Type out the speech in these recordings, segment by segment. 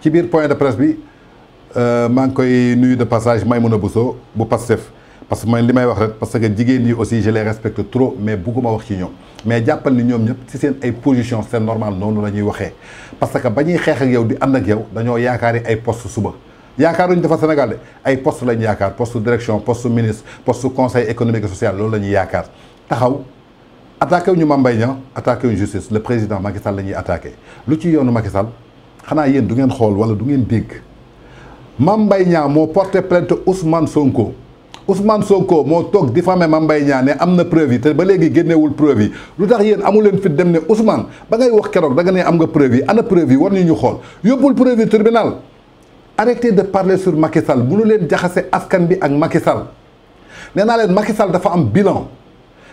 ci biir point de presse bi euh, maa ngi koy nuyu de passage Maïmouna Bousso bu Pastef parce que man li may wax rek parce que jigéen ñi aussi je les respecte trop mais bugguma wax ci ñoom mais jàppal ni ñoom ñëpp ci seen ay position c'est normal noonu la ñuy waxee parce que ba ñuy xeex ak yow di ànd ak yow dañoo yaakaari ay poste suba yaakaaruñu dafa Sénégal de ay poste lañu yaakaar poste direction poste ministre poste conseil économique et social loolu la ñuy yaakaar taxaw attaqué wu ñu Mame Mbaye Niang justice le président Macky Sall la ñuy attaqué lu ci yoonu Macky xanaa yéen du ngeen xool wala du ngeen dégg Mame Mbaye moo porte plainte Ousmane Sonko Ousmane Sonko moo toog diffamé Mame Mbaye Niang ne am na preuve yi te ba léegi génnewul preuve yi lu tax yéen amu leen fit dem ne Ousmane ba ngay wax keroog da nga ne am nga preuve yi ana preuve yi war ñu ñu xool yóbbul preuve yi tribunal arrecté de parler sur Macky Sall bu nu leen jaxase askan bi ak Macky Sall nee naa leen Macky dafa am bilan.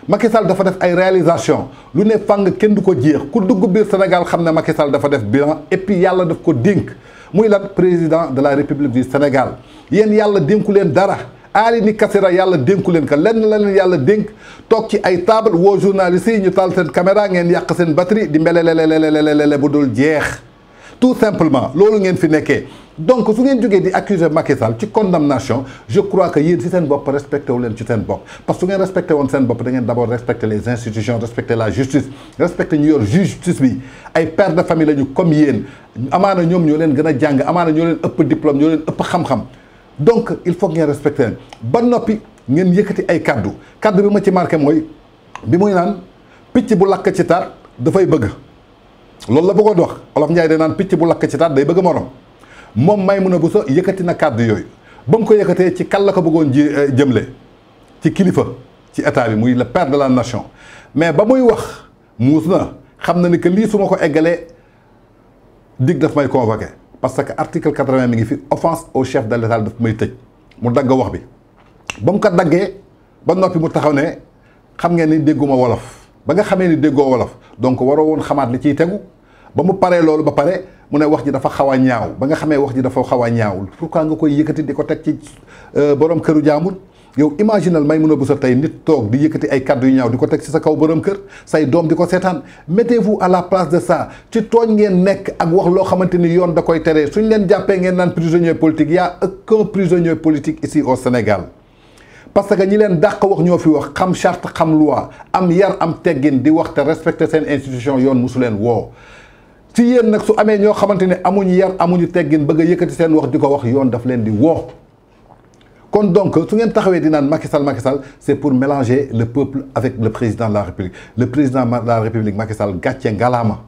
Macky Sall dafa def ay réalisation lu ne fàng kenn du ko diex ku dugg biir Sénégal xamna Macky Sall dafa def bilan et puis yalla daf ko dénk muy lan président de la République du Sénégal yeen yalla dénku leen dara ali ni kasira yalla dénku leen ka len la len yalla denk tok ci ay table wo journalistes yi ñu tal sen caméra ngeen yak sen batterie di mbelelelelelelele bu dul jeex tout simplement lolu ngeen fi nekké donc si vous avez di Macky Sall condamnation je crois que vous devez respecter bopp respecté respecter parce que vous ngeen respecté les vous da les institutions respecter la justice respecter les justice bi pères de famille comme vous. amaana a jàng ëpp diplôme donc il faut ngeen respecté ba ngeen ay cadeaux. bi ma ci marqué bi muy picc bu la bëggoon wax Olof picc bu moom Maïmouna Bousso yëkkati na kàddu yooyu ba mu ko yëkkatee ci kan la ko bëggoon ji euh, jëmle ci kilifa ci état bi muy le père de la nation mais ba muy wax muus na xam na ni que lii su ma ko eggalee dig daf may convoqué parce que article quatre-vingt mi ngi fi offense au chef de l'état daf may tëj mu dagg wax bi ba mu ko daggee ba noppi mu taxaw ne xam ngeen ni dégguma wolof ba nga xamee ni déggoo wolof donc waroo woon xamaat li ciy tegu ba mu paree loolu ba pare mu ne wax ji dafa xaw a ñaaw ba nga xamee wax ji dafa xaw a ñaawul pourquoi nga koy yëkkati di ko teg ci euh, borom këru jaamur yow imaginal Maïmouna sa tey nit toog di yëkkati ay kàddu yu ñaaw di ko teg ci sa kaw borom kër say doom di ko seetaan mettez-vous à la place de ça ci tooñ ngeen nekk ak wax loo xamante ni yoon da koy tere suñ leen jàppee ngeen naan prisonnier politique y a aucun prisonnier politique ici au Sénégal parce que ñi leen dàq wax ñoo fi wax xam charte xam loi am yar am teggin di wax respecter seen institution yoon mosu leen woo si yéen nak su amé ño xamante ne amuñu yar amuñu téggine bëgg yëkëti yëkkati seen wax diko wax yoon daf leen di woo kon donc su ngeen taxawé di nan Macky Sall Macky Sall c'est pour mélanger le peuple avec le président de la République le président de la République Macky Sall gàcce ngalaama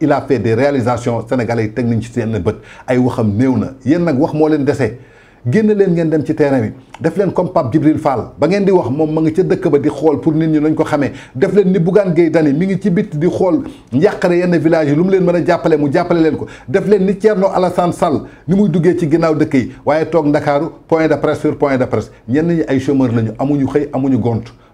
il a fait des réalisations sénégalais tégn teg ci seen bëtt ay waxam néwna na nak wax mo leen déssé génn leen ngeen dem ci terrain bi def leen comme Pape Djibril Fall ba ngeen di wax moom ma ngi ca dëkk ba di xool pour nit ñi nañ ko xamee def leen ni Bougane Gueye Dany mi ngi ci bit di xool njàqare yenn village yi lu mu leen mën a jàppale mu jàppale leen ko def leen ni Thierno Alassane Sall ni muy duggee ci ginnaaw dëkk yi waaye toog Ndakaaru point de presse sur point de presse ñenn ñi ay chômeur lañu amuñu xëy amuñu gont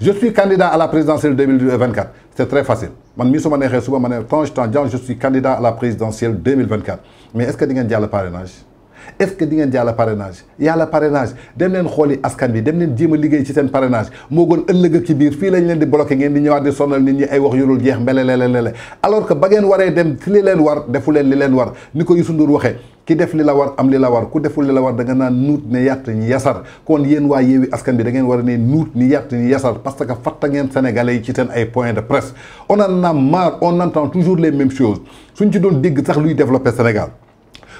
je suis candidat à la présidentielle 2024 C'est très facile je suis candidat à la présidentielle 2024 mais est ce que di ngeen le parrainage est-ce que di ngeen jàll parrainage yàlla parrainage dem len xoli askan bi dem len djima a ci sen parrainage moo gën ëllëg ak ci bir fi lañ len di bloquer ngeen di ñëwaat di sonal nit ñi ay wax yorul jeex mbelelelelele alors que ba ngeen waré dem ci li leen war defu leen li len war niko ko Youssou Ndour waxee ki def li la war am li la war ku deful li la war da nga na nuut ne yatt ni yassar kon yeen wa yewi askan bi da ngeen war a ne nuut ni yatt ni yassar parce que fatta ngeen sénégalais ci ten ay points de presse on en a marre on entend toujours les mêmes choses suñ ci doon dégg sax luy développer Sénégal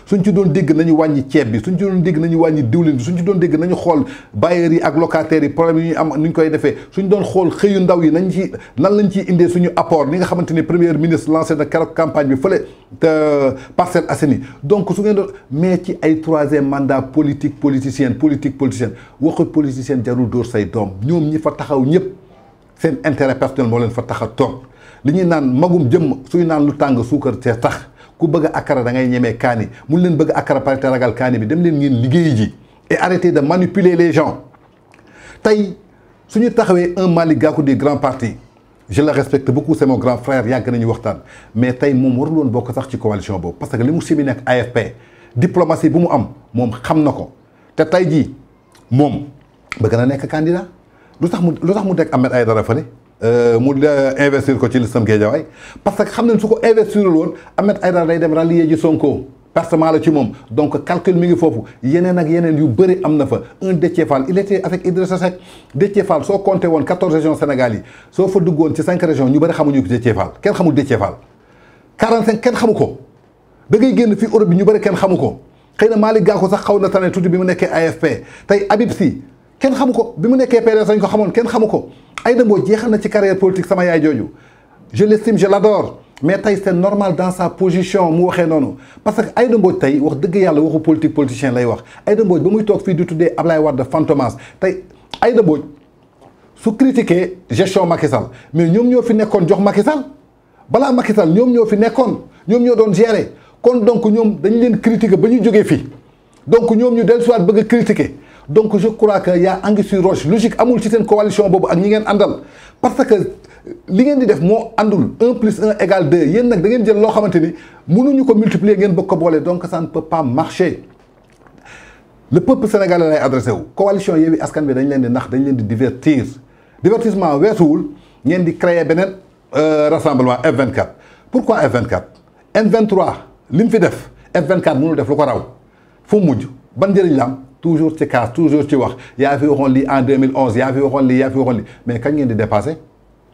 suñ doon dégg nañu wàññi ceeb bi suñ ci dégg nañu wàññi diwlin suñ ci doon dégg nañu xool bailleurs yi ak locataires yi problème yi am nuñ koy defee suñ doon xool xëyu ndaw yi nañ ci nan lañ ciy indee suñu apport li nga xamante ni premier ministre na keroog campagne bi fële Parcelles Assainies donc su ngeen doon mais ci ay troisième mandat politique politicienne politique politicienne waxu politicienne jarul dóor say doom ñoom ñi fa taxaw ñëpp seen intérêt personnel moo leen fa tax a toog li ñuy naan magum jëmm suy naan lu tàng suukar cee tax ku bëgg akara da ngay leen et arrêter de manipuler les gens tay suñu taxawé un Malick des grand parti je le respecte beaucoup c'est mon grand frère yàgg nañu waxtaan mais tay mom pas bok sax ci coalition parce que limu mu l'AFP, AFP diplomatie bu mu am mom xam nako té tay ji mom nekk candidat lu tax mu Ahmed Euh, mu investir ko ci listam Guédiawaye parce que xam nañ su ko investirul woon Ahmed Aïdara day dem rallier ji Sonko personnellement la ci moom donc calcul mi ngi foofu yeneen ak yeneen yu bëri am na fa un Déthié Fall il était avec Idrissa Seck Déthié Fall soo compté woon quatorze régions Sénégal yi soo fa duggoon ci cinq régions ñu bëri xamuñu ko Déthié Fall kenn xamul Déthié Fall quarante kenn xamu ko da ngay génn fii Europe bi ñu bëri kenn xamu ko xëy na Malick Gakou sax xaw na tane tuuti bi mu nekkee AFP tey Habib Sy ken xamuko bimu nekké mu nekkee PDS lañ ko xamone ken xamuko ko Aïda jéxal na ci carrière politique sama yaay jooju je l'estime je l'adore mais tay c'est normal dans sa position mu waxé noonu parce que Aïda Mbodj tay wax deug yalla waxu politique politicien lay wax Aïda Mbodj ba muy toog fii di tuddee Ablaye Wade fantomas tay Aïda Mbodj su critiquer gestion Macky Sall mais ñom ñoo fi nekkoon jox Macky Sall balaa Macky Sall ñoom ñoo fi nekkoon ñoom ñoo doon gérer kon donc ñom dañ leen critiquer bañu joggé fi donc ñom ñu dellusiwaat bëgg critiquer donc je crois qu'il y a un sous roche logique à ci coalition parce que ce que di def c'est un plus 1 égale 2, il nag da ngeen jël mënuñu ko multiplier ngeen multiplier, donc ça ne peut pas marcher le peuple sénégalais est adressé La coalition est Askan train dañ leen di nax dañ leen di divertir divertissement est ngeen di euh, rassemblement F24 pourquoi F24 n 23 L'Infidef, F24 mënul def lu raw fu mujj ban faire toujours ci cas, toujours ci wax y fi waxoon li en 2011 il y yaa fi waxoon il y fi waxoon li mais kañ ngeen di dépasser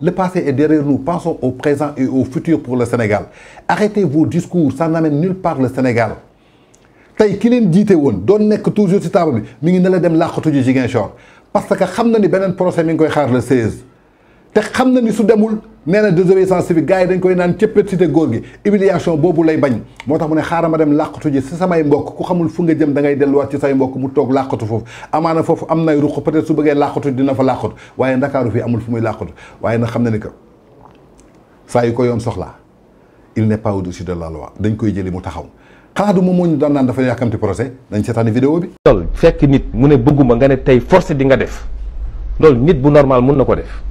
le passé est derrière nous pensons au présent et au futur pour le Sénégal arrêtez vos discours ça n'amène nulle part le Sénégal tay ki leen jiite won do nek toujours ci table bi mi ngi na la dem làqatu ji Ziguinchor parce que xam na ni benen procès mi ngi koy xaar le 16. te xamna ni su demul neena désobéissance civique gaay dañ koy naan ci petite gor gui humiliation bobu lay bañ motax mu ne xaaral ma dem làqatu ji ci samay mbokk ku xamul fu nga jëm da ngay delu wat ci say mbokk mu tok làqatu fofu amana fofu am nay ruxu peut-être su bëggee làqatu dina fa làqatu waye ndakaaru fi amul fu muy làqatu waye na xamna ni que saa ko yoon soxla il n'est pas au-dessus de la loi dañ koy jëli mu taxaw xanaa mo moñu moo ñu daan naan dafa yàkkamti procès dañ ci seetaani vidéo bi tol fekk nit mu ne bëgguma nga ne tay forcé di nga def lol nit bu normal mën na ko def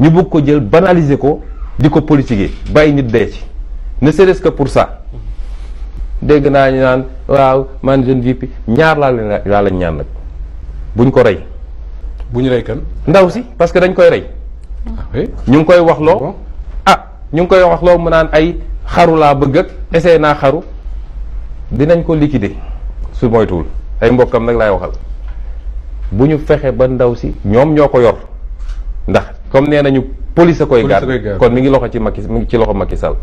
ñu bëgg ko jël banaliser ko di ko politiquer bàyyi nit dee ci ne serait-ce que pour ça dégg naa ñu naan waaw man jeune VP ñaar laa leen laa lañ ñaan nag buñ ko rey. buñ rey kan. ndaw si parce que dañ koy rey. Ah ñu ngi koy wax loo ah ñu ngi koy wax loo mu naan ay xaru laa bëgg ak essayé naa xaru dinañ ko liquider su moytuwul ay mbokkam nag laay waxal bu ñu fexee ba ndaw si ñoom ñoo ko yor. ndax comme nee nañu police koy gar kon mi ngi loxo ci makki mi ngi ci loxo makki sal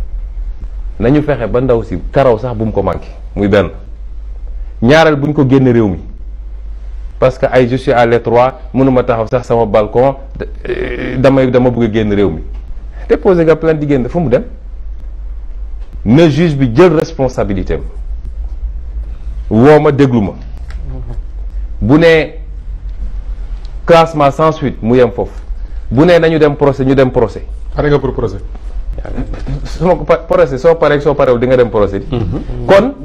nañu fexé ba ndaw ci karaw sax buum ko manki muy ben ñaaral buñ ko génne réew mi parce que ay je suis à l'étroit mënuma taxaw sax sama balcon euh, damay dama bëgg a génn réew mi déposé nga plainte di fu mu dem na juge bi jël responsabilité am dégluma ma mhm. bu né classement sans suite mu yam fofu bu nee nañu dem procès ñu dem procès. pare nga pour procès. soo ko procès soo paree soo parewul di nga dem procès. Mhm. kon.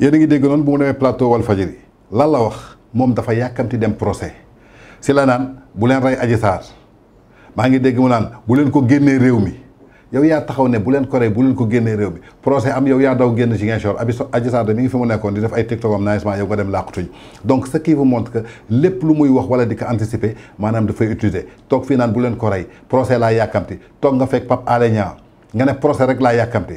yéen a ngi dégg noonu bu mu demee plateau Walfadjri lan la wax moom dafa yàkkamti dem procès si la naan bu leen rey Adji Sarr maa ngi dégg mu naan bu leen ko génnee réew mi. yow yaa taxaw ne bu leen ko bu leen ko génnee réew bi procès am yow yaa daw génn Ziguinchor abi Adji Sarr mi ngi fi mu nekkoon di def ay TikTok am nagisement yow ko dem làqutuñ donc ce qui vous montre que lépp lu muy wax wala di ko anticiper maanaam dafay utiliser toog fii naan bu leen ko rey procès laa yàkkamti toog nga fekk pap Alé nga ne procès rek laa yàkkamti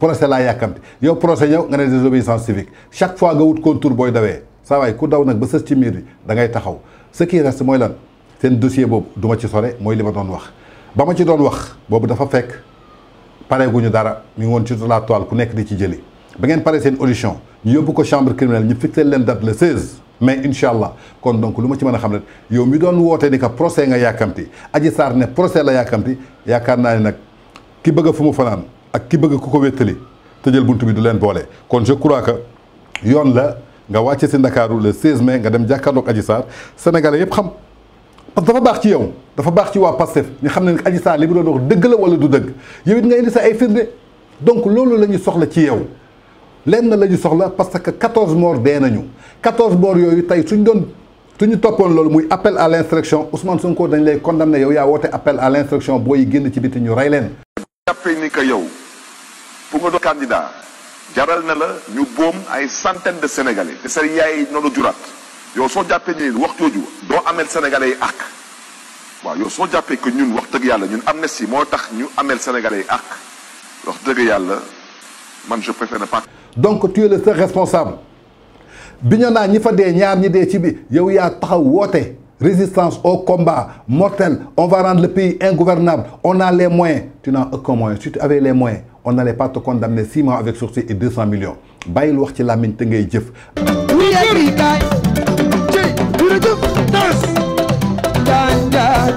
procès laa yàkkamti yow procès ñëw nga ne désobéissance civique chaque fois nga wut contour booy dawee ça waay ku daw nag ba sës ci miir bi da ngay taxaw ce qui reste mooy lan seen dossier boobu du ma ci sore mooy li ma doon wax ba ma ci doon wax boobu dafa fekk pareeguñu dara ñu ngi woon ci la toile ku nekk di ci jëli ba ngeen pare seen audition ñu yóbbu ko chambre criminelle ñu fixé leen date le 16 mai incha allah kon donc lu ma ci mën a xam ne yow mi doon wootee ni que procès nga yàkkamti Adji Sarr ne procès la yàkkamti yaakaar naa ne nag ki bëgg fu mu fanaan ak ki bëgg ku ko wéttali tëjal bunt bi du leen boole kon je crois que yoon la nga wàcce si Ndakaaru le 16 mai nga dem jàkkaarloog Adji Sarr sénégalais yëpp xam. parce dafa baax ci yow dafa baax ci waa Pastef ñu xam ne nag li mu wax dëgg la wala du dëgg yow nga indi sa ay firnde donc loolu la soxla ci yow lenn la soxla parce que 14 morts dee nañu 14 morts yooyu tey suñ doon suñu toppoon loolu muy appel à l' Ousmane Sonko dañ lay condamné yow yaa woote appel à l' instruction génn ci biti ñu rey leen. jàppee ni que yow pour nga doon candidat jaral na la ñu boom ay centaines de sénégalais te sa yaay noonu juraat. yow soo jàppee ni wax jooju doo amel sénégalais yi ak. waaw yow soo jàppee que ñun wax dëgg yàlla ñun amnistie moo tax ñu amel sénégalais yi àq wax dëgg yàlla man je préfère ne pas. donc tu es le seul responsable Bignona ñi fa dee ñaar ñi dee ci bi yow yaa taxaw woote résistance au combat mortel on va rendre le pays ingouvernable on a les moyens tu n'as aucun moyen si tu avais les moyens on n'allait pas te condamner six mois avec sursis et deux cent millions bàyyil wax ci lamine te ngay jëf. ganja